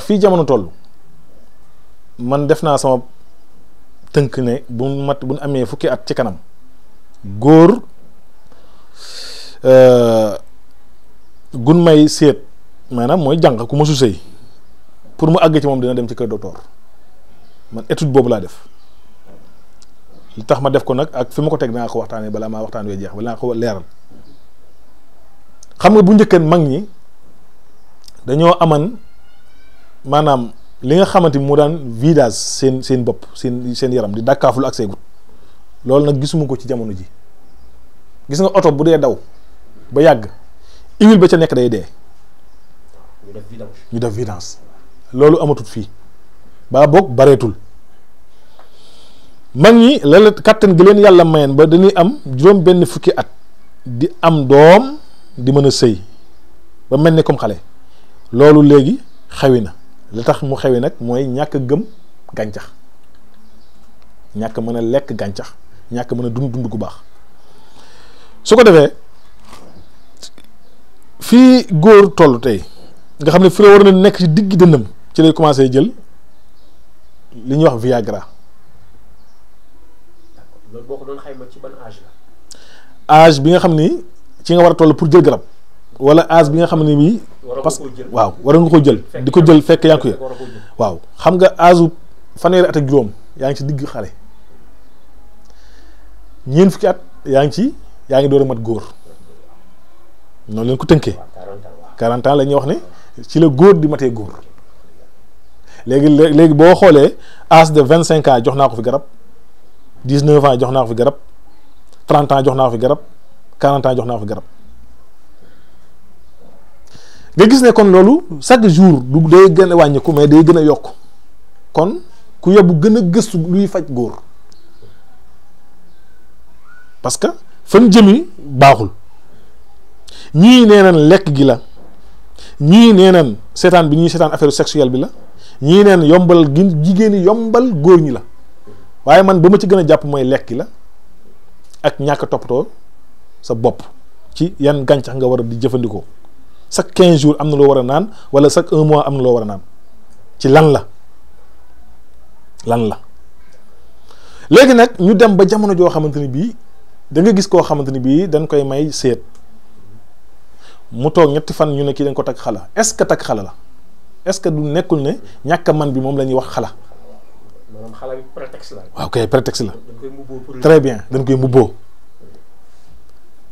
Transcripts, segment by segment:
fii jamono toll man def naa sama tënk ne bu mat bu amee fukki at ci kanam góor euh, gun may seet maanaam mooy janq ku ma su sëy pour mu àgg ci moom dina dem ci kër docteur man étude boobu laa def li tax ma def ko nag ak fi ma ko teg naa ko waxtaanee balaa maa waxtaan wee jeex balaa ko leeral xam nga bu njëkkan mag ñi dañoo aman maanaam li nga xamante ni moo daan vidage seen seen bopp seen seen yaram di dàkkaaful ak seegut loolu nag gisuma ko ci jamono ji gis nga oto bu dee daw ba yàgg huile ba ca nekk day dee. ñu def vidange loolu amatul fii baa boog bareetul mag ñi la kàttan kattan gi leen yàlla mayeen ba dañuy am juróom benn fukki at di am doom di mën a sëy ba mel ni comme xale loolu léegi xewi na. li tax mu xewi nag mooy ñàkk gëm gàncax ñàkk mën a lekk gàncax ñàkk mën a dund dund gu baax su ko defee fii góor toll tey nga xam ne fi war na nekk ci digg dënnam ci lay commencé jël li ñuy wax Viagra. loolu boo ko doon xayma ci ban âge bi nga xam ni ci nga war a toll pour jël garab. wala âge bi nga xam ne bii. parce que waaw war nga ko jël. di ko jël fekk yaa ngi ko jël waaw xam nga âge fanweeri at ak juróom yaa ngi ci digg xale ñeent fukki at yaa ngi ci yaa ngi door a mat góor noonu leen ko tënkee 40 ans la ñuy wax ne ci la góor di matee góor léegi léegi boo xoolee âge de 25 ans jox naa ko fi garab 19 ans jox naa ko fi garab 30 ans jox naa ko fi garab 40 ans jox naa ko fi garab. nga gis ne kon loolu chaque jour du day gën a wàññiku mais day gën a yokk kon ku yóbbu gën a gëstu luy faj góor parce que fan jëmi baaxul ñii nee nañ lekk gi la ñii nee nañ seetaan bi ñuy seetaan affaire sexuelle bi la ñii neen yombal gi jigéen yombal góor ñi la waaye man ba ma ci gën a jàpp mooy lekk gi la ak ñàkk toppatoo sa bopp ci yan gàncax nga war a di jëfandikoo chaque 15 jours amna lo wara nan wala chaque 1 mois amna lo wara nan ci lan la lan la léegi nak ñu dem ba jamono jo xamanteni bi da nga gis ko xamanteni bi dañ koy may set mu tok ñetti fan ñu ne ki dañ ko tak xala est-ce que tak xala la est-ce que du nekkul ne ñàkk man bi mom lañuy wax xala. maanaam xala bi prétexte la. waaw ok prétexte la. très bien dañ koy mubo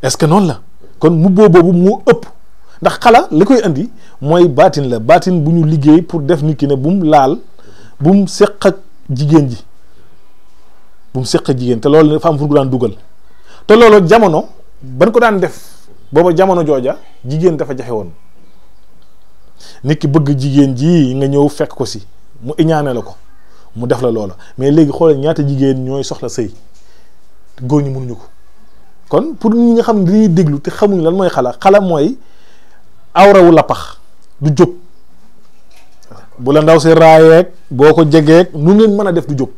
est-ce que non la kon mubo bobu mo ëpp. ndax xalaa li koy indi mooy baatin la baatin bu ñu liggéey pour def nit ki ne bu mu laal bu mu seq ak jigéen ji bu mu seq ak jigéen te loolu dafa am fu ko daan dugal te loolu jamono ban ko daan def booba jamono jooja jigéen dafa jaxe woon nit ki bëgg jigéen ji nga ñëw fekk ko si mu iñaanee la ko mu def la loola mais léegi xoolal ñaata jigéen ñooy soxla sëy góor ñi mënuñu ko kon pour ñi nga xam ne dañuy déglu te xamuñu lan mooy xala xala mooy awrawu la pax du jóg bu la ndaw si raayeeg boo ko jegeeg nu ngeen mën a def du jóg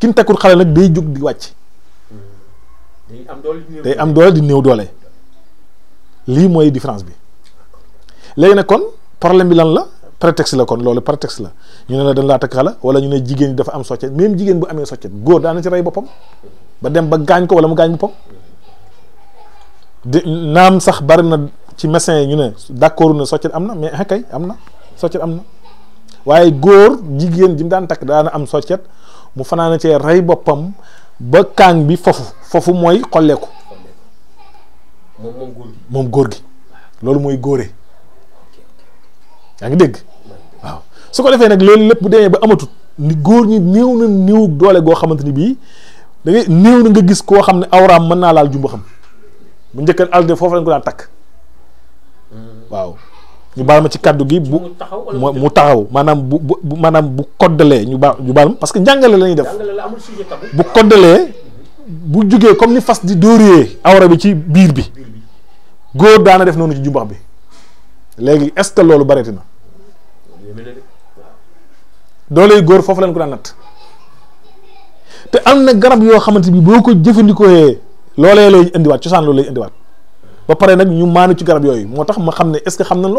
kin takkul xale nag day jóg di wàcc day am doole di néew doole lii mooy différence bi léegi nag kon problème bi lan la prétexte la kon loolu prétexte la ñu ne la dañ laa takk xale wala ñu ne jigéen ñi dafa am soccet même jigéen bu amee soccet góor daana ci rey boppam ba dem ba gaañ ko wala mu gaañ boppam di naam sax bari ci médecin yi ñu ne d'accord na soccet am na mais ah kay am na soccet am na waaye góor jigéen ji mu daan takk daan am soccet mu fanaana cee rey boppam ba kaang bi fofu fofu mooy xolleeku moom góor gi loolu mooy góore yaa ngi dégg waaw su ko defee nag loolu lépp bu demee ba amatut ni góor ñi néew na néew doole goo xamante ni bii da ngay na nga gis koo xam ne awraam mën naa laal jumba xam bu njëkkan alde foofu lañ ko daan takk waaw ñu baal ma ci kaddu gi bu mu taxaw maanaam bu bu maanaam bu koddalee ñu baal ñu baal ma parce que njàngale la ñuy def bu koddalee bu jógee comme ni fas di dóoree awra bi ci biir bi góor daana def noonu ci jumbax bi léegi est-ce que loolu bareeti na dooley góor foofu lañ ko daan natt te am na garab yoo xamante bi boo ko jëfandikoo loolee lay indiwaat cosaan loolu lay indiwaat ba paré nak ñu maanu ci garab yoy motax ma xamné est ce xam nañ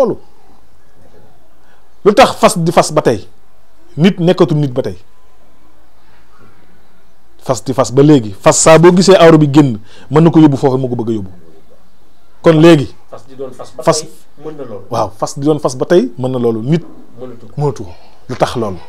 fas di fas batay nit nekatu nit batay fas di fas ba légui fas sa bo gisé awru bi genn mën nako yobbu fofu mako bëgg yobbu kon légui fas di doon fas ba fas mën na lolu waaw fas di doon fas batay mën na lolu nit mënatu mënatu lutax lolu